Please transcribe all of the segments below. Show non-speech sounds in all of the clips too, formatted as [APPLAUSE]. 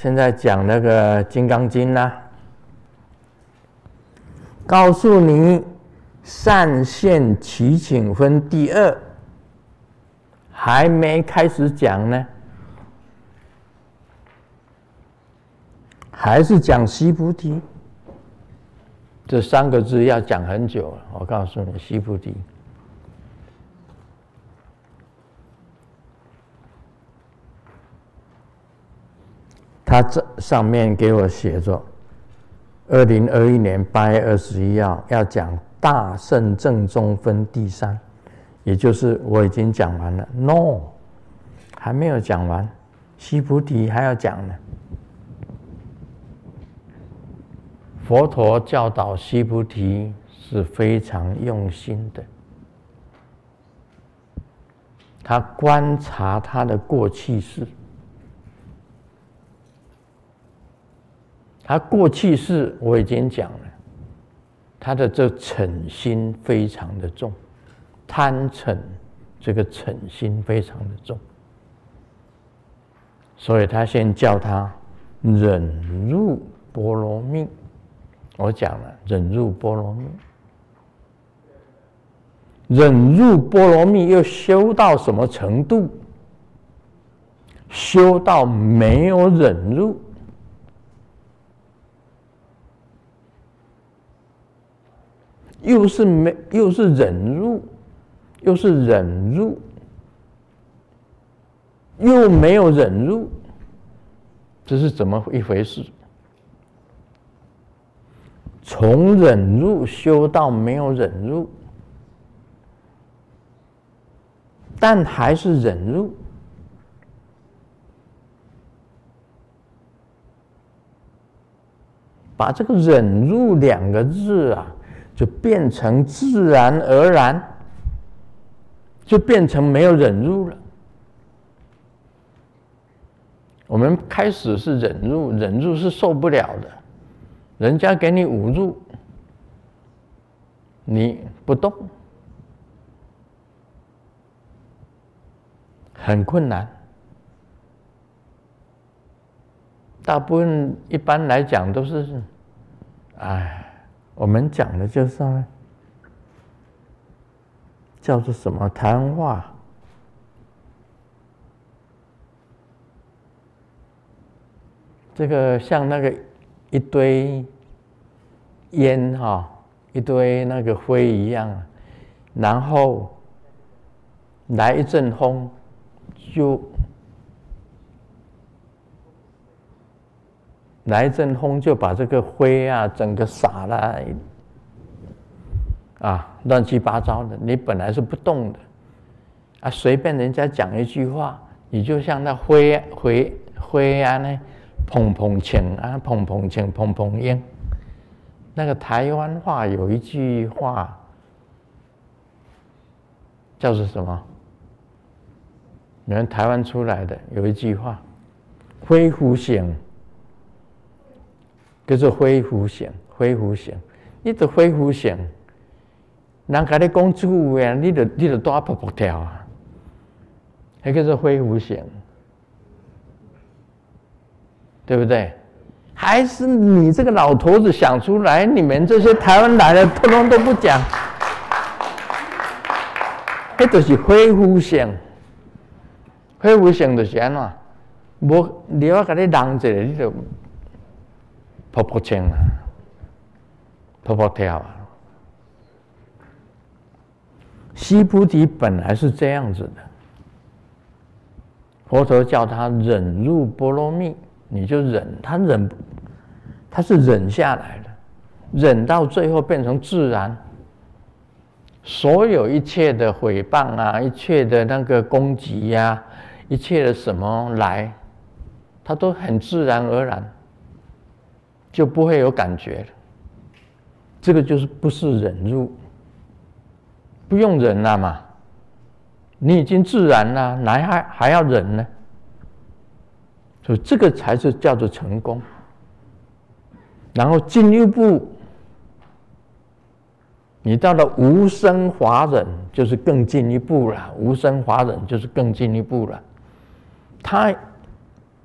現在講那個《金剛經》啦，告訴你善現啟請分第二，還沒開始講呢，還是講“須菩提”這三個字要講很久了，我告訴你，“須菩提”。他這上面給我寫着：二零二一年八月二十一號要講大乘正宗分第三，也就是我已經講完了。no，還沒有講完，須菩提還要講呢。佛陀教導須菩提是非常用心的，他觀察他的過去世。他過去世，我已經講了，他的這嗔心非常的重，貪嗔這個嗔心非常的重，所以他先叫他忍辱波羅蜜。我講了忍辱波羅蜜，忍辱波羅蜜又修到什麼程度？修到沒有忍辱。又是沒，又是忍辱，又是忍辱，又沒有忍辱，這是怎麼一回事？從忍辱修到沒有忍辱，但還是忍辱，把這個“忍辱”兩個字啊。就變成自然而然，就變成沒有忍辱了。我們開始是忍辱，忍辱是受不了的，人家給你侮辱，你不動，很困難。大部分一般來講都是，哎。我們講的就是、啊、叫做什麼？台灣話，這個像那個一堆煙哈，一堆那個灰一樣，然後來一陣風，就。來一陣風，就把這個灰啊，整個灑了，啊，亂七八糟的。你本來是不動的，啊，隨便人家講一句話，你就像那灰灰灰啊，那砰砰清啊，砰砰清，砰砰煙。那個台灣話有一句話叫做什麼？你們台灣出來的有一句話，灰虎醒。叫做恢復性，恢復性，你做恢復性，人家跟你講這句話啊，你做你做多啊，蹦蹦跳啊，還叫做恢復性，對不對？還是你這個老頭子想出來，你們這些台灣來的，通通都不講，這都 [LAUGHS] 是恢復性，恢復性就是安怎？無你要搞的浪者，你就。破破淨啊，破破跳啊！須菩提本來是這樣子的，佛陀叫他忍辱波羅蜜，你就忍，他忍，他是忍下來的，忍到最後變成自然。所有一切的誹謗啊，一切的那個攻擊呀、啊，一切的什麼來，他都很自然而然。就不會有感覺了。這個就是不是忍辱，不用忍了嘛，你已經自然了，還還還要忍呢？所以這個才是叫做成功。然後進一步，你到了無生法忍，就是更進一步了。無生法忍就是更進一步了。他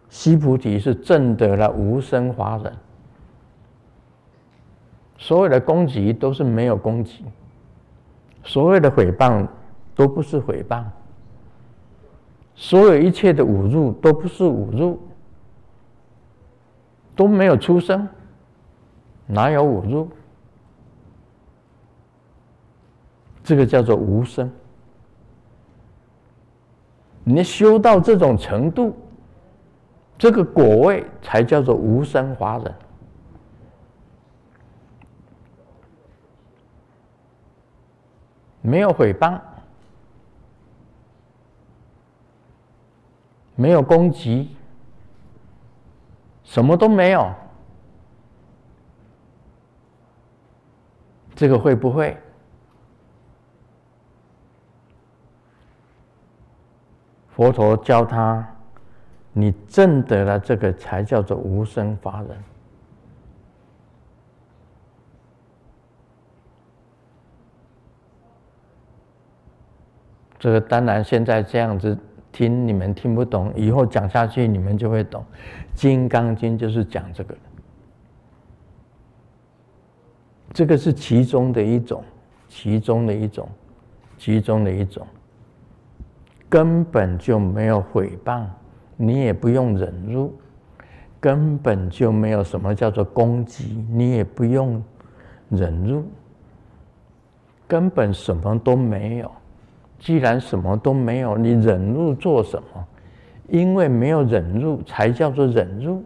須菩提是證得了無生法忍。所有的攻擊都是沒有攻擊，所有的誹謗都不是誹謗，所有一切的侮辱都不是侮辱，都沒有出生，哪有侮辱？這個叫做無生。你修到這種程度，這個果位才叫做無生法忍。沒有毀謗，沒有攻擊，什麼都沒有，這個會不會？佛陀教他，你證得了這個，才叫做無生法忍。這個當然，現在這樣子聽你們聽不懂，以後講下去你們就會懂。《金剛經》就是講這個，這個是其中的一種，其中的一種，其中的一種。根本就沒有誹謗，你也不用忍辱，根本就沒有什麼叫做攻擊，你也不用忍辱，根本什麼都沒有。既然什麼都沒有，你忍辱做什麼？因為沒有忍辱，才叫做忍辱。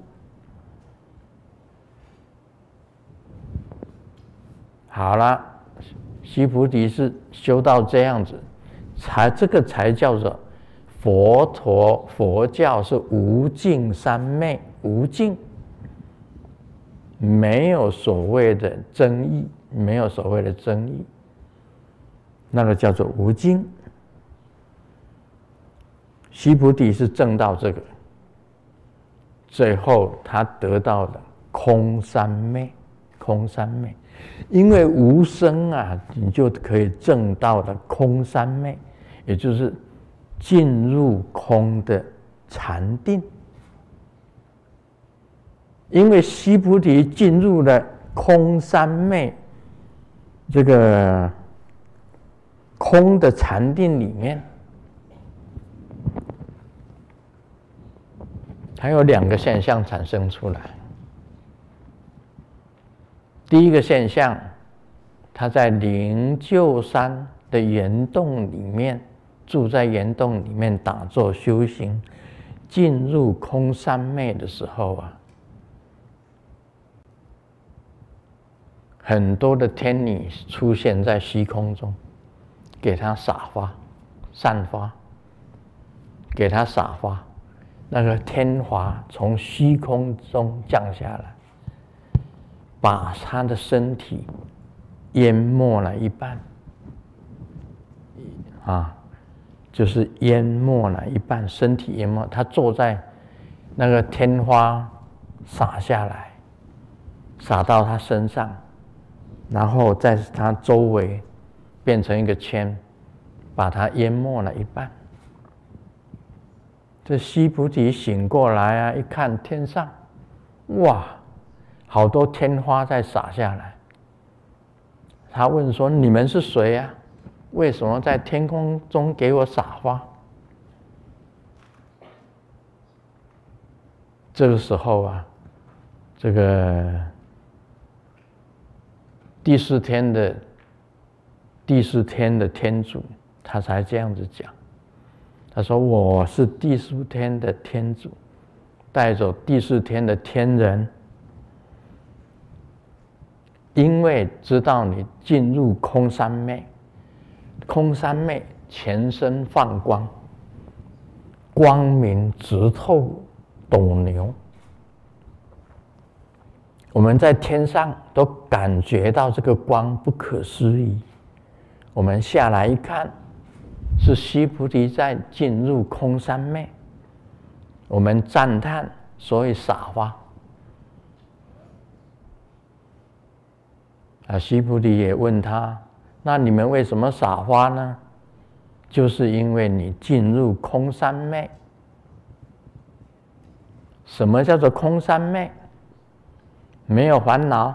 好了，須菩提是修到這樣子，才這個才叫做佛陀。佛教是無諍三昧，無諍，沒有所謂的爭議，沒有所謂的爭議，那個叫做無諍。須菩提是證到這個，最後他得到的空三昧，空三昧，因為無生啊，你就可以證到了空三昧，也就是進入空的禪定。因為須菩提進入了空三昧，這個空的禪定裡面。它有兩個現象產生出來。第一個現象，他在靈鷲山的岩洞裡面，住在岩洞裡面打坐修行，進入空三昧的時候啊，很多的天女出現在虛空中，給他撒花、散花，給他撒花。那個天花從虛空中降下來，把他的身體淹沒了一半。啊，就是淹沒了一半，身體淹沒。他坐在那個天花灑下來，灑到他身上，然後在他周圍變成一個圈，把他淹沒了一半。這須菩提醒過來啊，一看天上，哇，好多天花在灑下來。他問說：“你們是誰啊？為什麼在天空中給我撒花？”這個時候啊，這個第四天的第四天的天主，他才這樣子講。他說：“我是第四天的天主，帶走第四天的天人，因為知道你進入空三昧，空三昧全身放光，光明直透斗牛。我們在天上都感覺到這個光不可思議，我們下來一看。”是須菩提在進入空三昧，我們讚嘆，所以撒花。啊，須菩提也問他：那你們為什麼撒花呢？就是因為你進入空三昧。什麼叫做空三昧？沒有煩惱，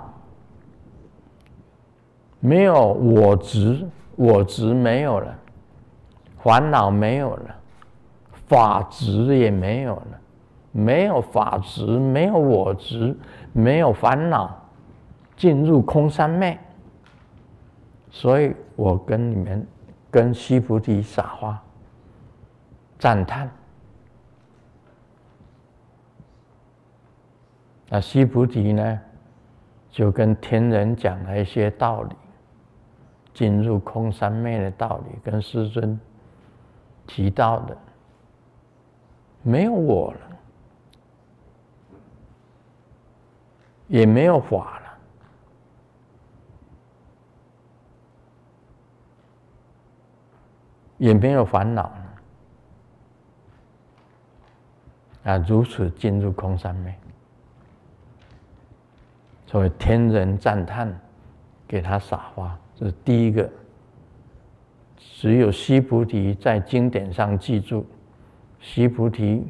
沒有我執，我執沒有了。煩惱沒有了，法執也沒有了，沒有法執，沒有我執，沒有煩惱，進入空三昧。所以我跟你們，跟須菩提散花，讚嘆。那須菩提呢，就跟天人講了一些道理，進入空三昧的道理，跟師尊。提到的，沒有我了，也沒有法了，也沒有煩惱了啊！如此進入空三昧，所以天人讚歎，給他撒花，這是第一個。只有須菩提在經典上記住，須菩提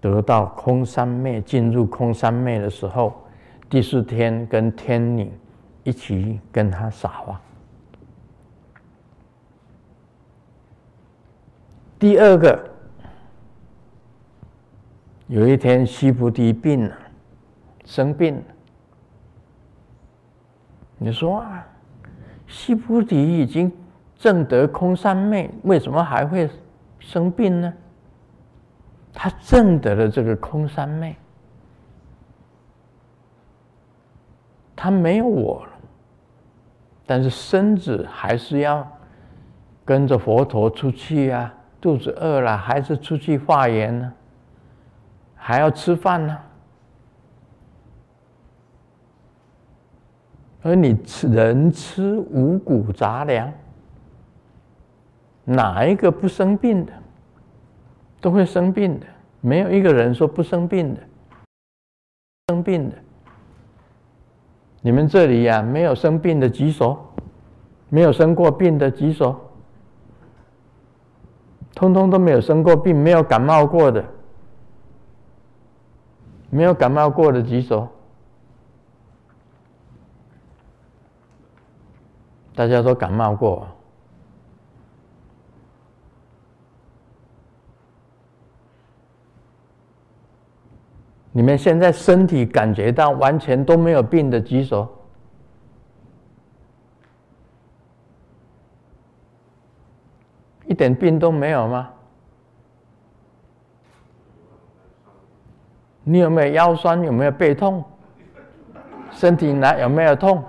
得到空三昧，進入空三昧的時候，第四天跟天女一起跟他散花。第二個，有一天須菩提病了，生病，你說，須菩提已經。證得空三昧，為什麼還會生病呢？他證得了這個空三昧，他沒有我了，但是身子還是要跟着佛陀出去啊，肚子餓了還是出去化緣呢、啊，還要吃飯呢、啊。而你吃人吃五穀雜糧。哪一個不生病的，都會生病的，沒有一個人說不生病的。生病的，你們這裡呀、啊，沒有生病的舉手，沒有生過病的舉手。通通都沒有生過病，沒有感冒過的，沒有感冒過的舉手。大家都感冒過。你們現在身體感覺到完全都沒有病的舉手，一點病都沒有嗎？你有沒有腰酸？有沒有背痛？身體哪有沒有痛？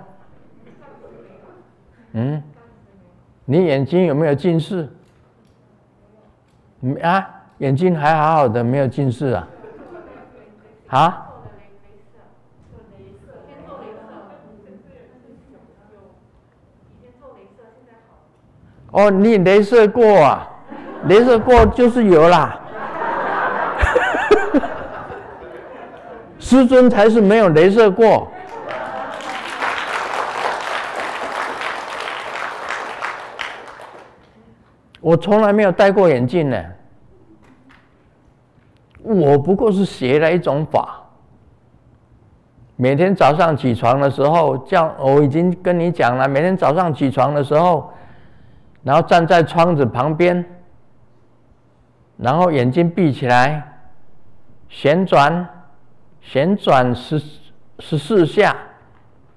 嗯，你眼睛有沒有近視？啊，眼睛還好好的，沒有近視啊。啊！哦，你雷射過啊？雷射過就是有啦。 [LAUGHS] 師尊才是沒有雷射過。 [LAUGHS] 我從來沒有戴過眼鏡呢。我不過是學了一種法，每天早上起床的時候，這樣，我已經跟你講了，每天早上起床的時候，然後站在窗子旁邊，然後眼睛閉起來，旋轉，旋轉十十四下，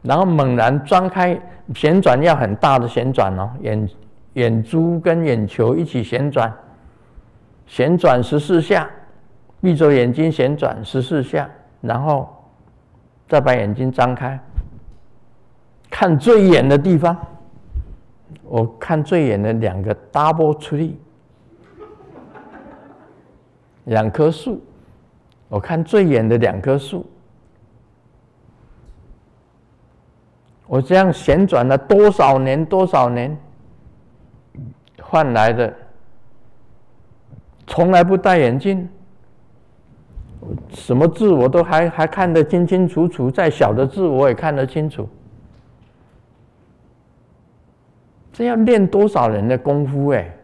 然後猛然張開，旋轉要很大的旋轉哦，眼眼珠跟眼球一起旋轉，旋轉十四下。閉着眼睛旋轉十四下，然後再把眼睛張開，看最遠的地方。我看最遠的兩個 double tree，兩棵樹。我看最遠的兩棵樹。我這樣旋轉了多少年？多少年換來的？從來不戴眼鏡。什麼字我都還還看得清清楚楚，再小的字我也看得清楚。這要練多少人的功夫哎、欸！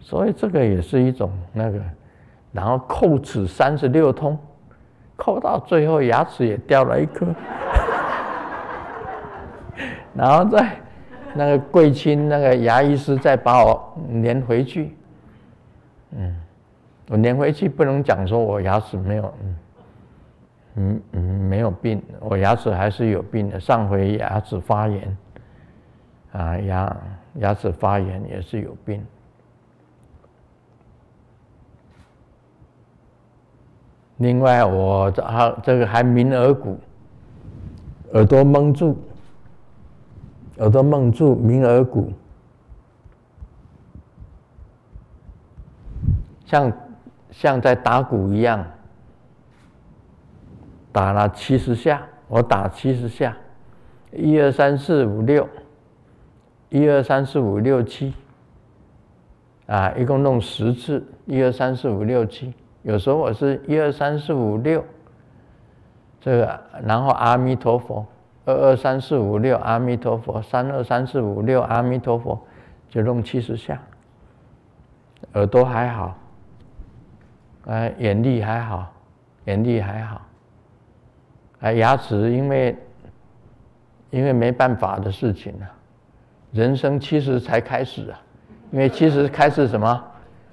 所以這個也是一種那個，然後叩齒三十六通，扣到最後牙齒也掉了一顆， [LAUGHS] [LAUGHS] 然後再。那個貴親那個牙醫師再把我粘回去，嗯，我粘回去不能講說我牙齒沒有嗯，嗯嗯沒有病，我牙齒還是有病的。上回牙齒發炎，啊牙牙齒發炎也是有病。另外我這還這個還鳴耳骨，耳朵矇住。耳朵蒙住，鳴耳鼓，像像在打鼓一樣，打了七十下，我打七十下，一二三四五六，一二三四五六七，啊，一共弄十次，一二三四五六七，有時候我是一二三四五六，這個，然後阿彌陀佛。二二三四五六，阿彌陀佛；三二三四五六，阿彌陀佛，就弄七十下。耳朵還好，啊、呃，眼力還好，眼力還好。哎、呃，牙齒因為因為沒辦法的事情啊。人生七十才開始啊，因為七十開始什麼？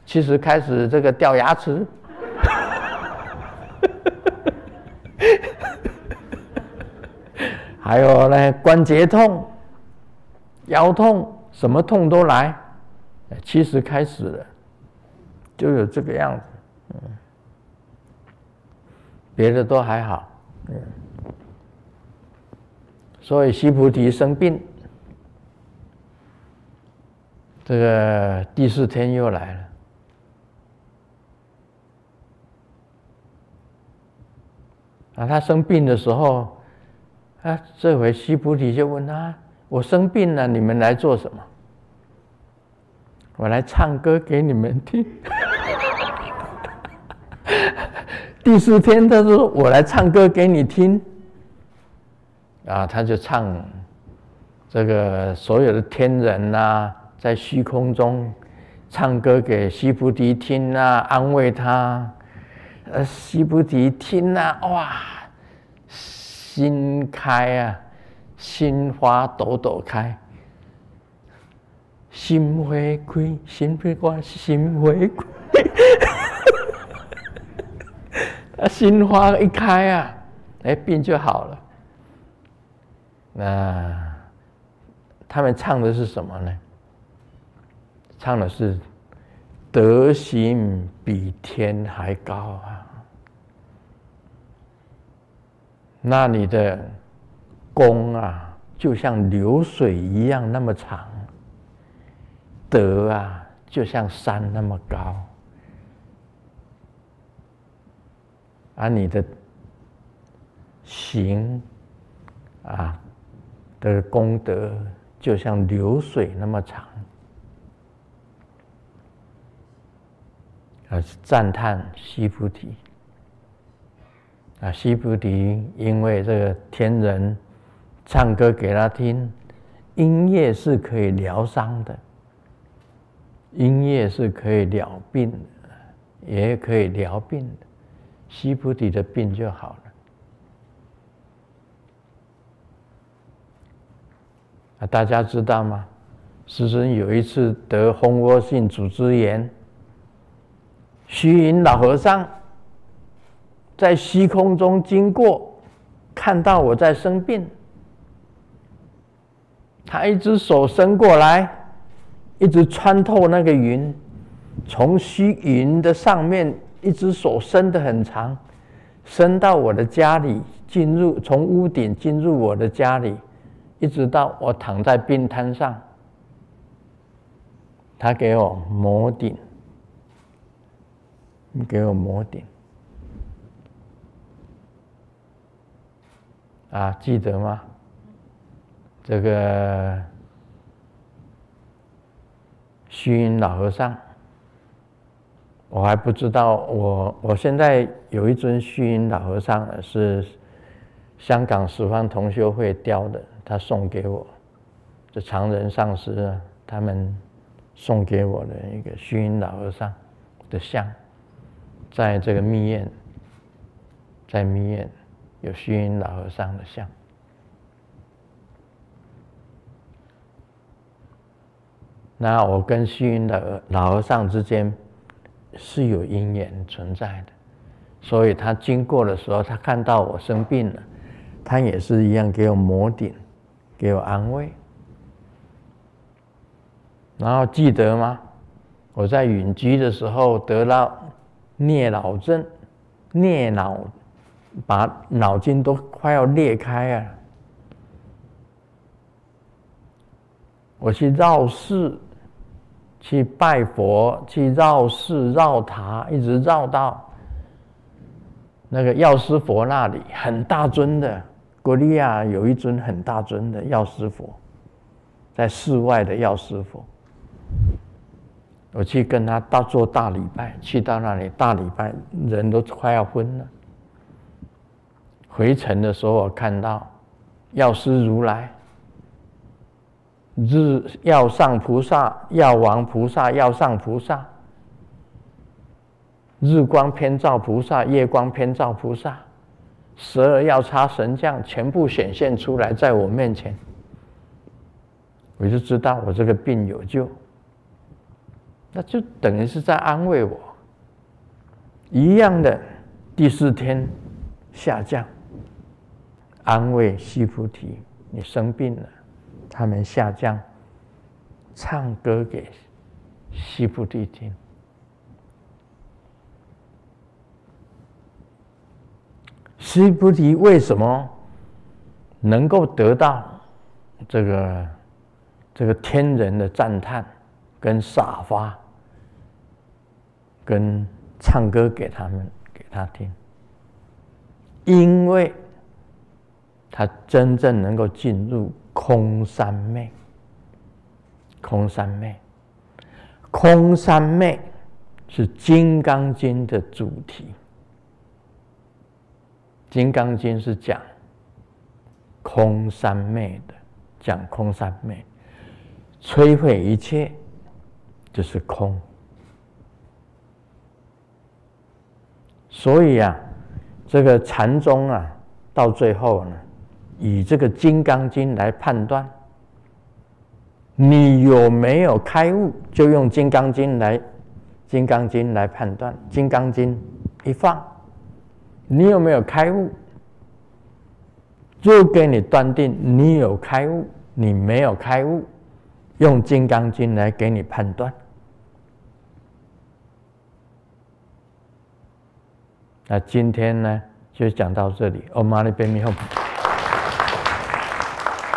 七十開始這個掉牙齒。 [LAUGHS] [LAUGHS] 還有呢，關節痛、腰痛，什麼痛都來。其實開始了，就有這個樣子，嗯、別的都還好，嗯、所以須菩提生病，這個第四天又來了。那、啊、他生病的時候。啊，這回須菩提就問他：“我生病了，你們來做什麼？”我來唱歌給你們聽。 [LAUGHS] 第四天，他說：“我來唱歌給你聽。”啊，他就唱這個所有的天人吶、啊，在虛空中唱歌給須菩提聽啊，安慰他。呃，須菩提聽啊，哇！心開啊，心花朵朵開，心回歸，心不關，心回歸。啊，心花一開啊，哎，病就好了。那他們唱的是什麼呢？唱的是德行比天還高啊。那你的功啊，就像流水一樣那麼長；德啊，就像山那麼高；而、啊、你的行啊的功德，就像流水那麼長。而、啊、是讚嘆須菩提。啊，須菩提因為這個天人唱歌給他聽，音樂是可以療傷的，音樂是可以療病，也可以療病的，須菩提的病就好了。啊，大家知道嗎？師尊有一次得蜂窩性組織炎，虛雲老和尚。在虛空中經過，看到我在生病。他一隻手伸過來，一直穿透那個雲，從虛雲的上面，一隻手伸得很長，伸到我的家裡，進入從屋頂進入我的家裡，一直到我躺在病榻上。他給我摩頂，你給我摩頂。啊，記得嗎？這個虛雲老和尚，我還不知道。我我現在有一尊虛雲老和尚，是香港十方同修會雕的，他送給我的。這常人上師啊，他們送給我的一個虛雲老和尚的像，在這個密苑，在密苑。有虛雲老和尚的像。那我跟虛雲老老和尚之間是有因緣存在的，所以他經過的時候，他看到我生病了，他也是一樣給我摩頂，給我安慰。然後記得嗎？我在隱居的時候得到顳老症，顳老把腦筋都快要裂開啊！我去繞寺，去拜佛，去繞寺繞塔，一直繞到那個藥師佛那裡，很大尊的。古利亞有一尊很大尊的藥師佛，在寺外的藥師佛。我去跟他大做大禮拜，去到那裡大禮拜，人都快要昏了。回程的時候，我看到藥師如來、日要上菩薩、藥王菩薩、藥上菩薩、日光偏照菩薩、夜光偏照菩薩、十二藥叉神將全部顯現出來，在我面前，我就知道我這個病有救，那就等於是在安慰我。一樣的，第四天下降。安慰須菩提，你生病了。他們下降，唱歌給須菩提聽。須菩提為什麼能夠得到這個這個天人的讚嘆、跟灑髮、跟唱歌給他們給他聽？因為。他真正能夠進入空三昧，空三昧，空三昧是《金剛經》的主題，《金剛經》是講空三昧的，講空三昧，摧毀一切就是空。所以啊，這個禪宗啊，到最後呢，以這個《金剛經》來判斷，你有沒有開悟？就用《金剛經》來《金剛經》來判斷，《金剛經》一放，你有沒有開悟？就給你斷定你有開悟，你沒有開悟，用《金剛經》來給你判斷。那今天呢，就講到這裡。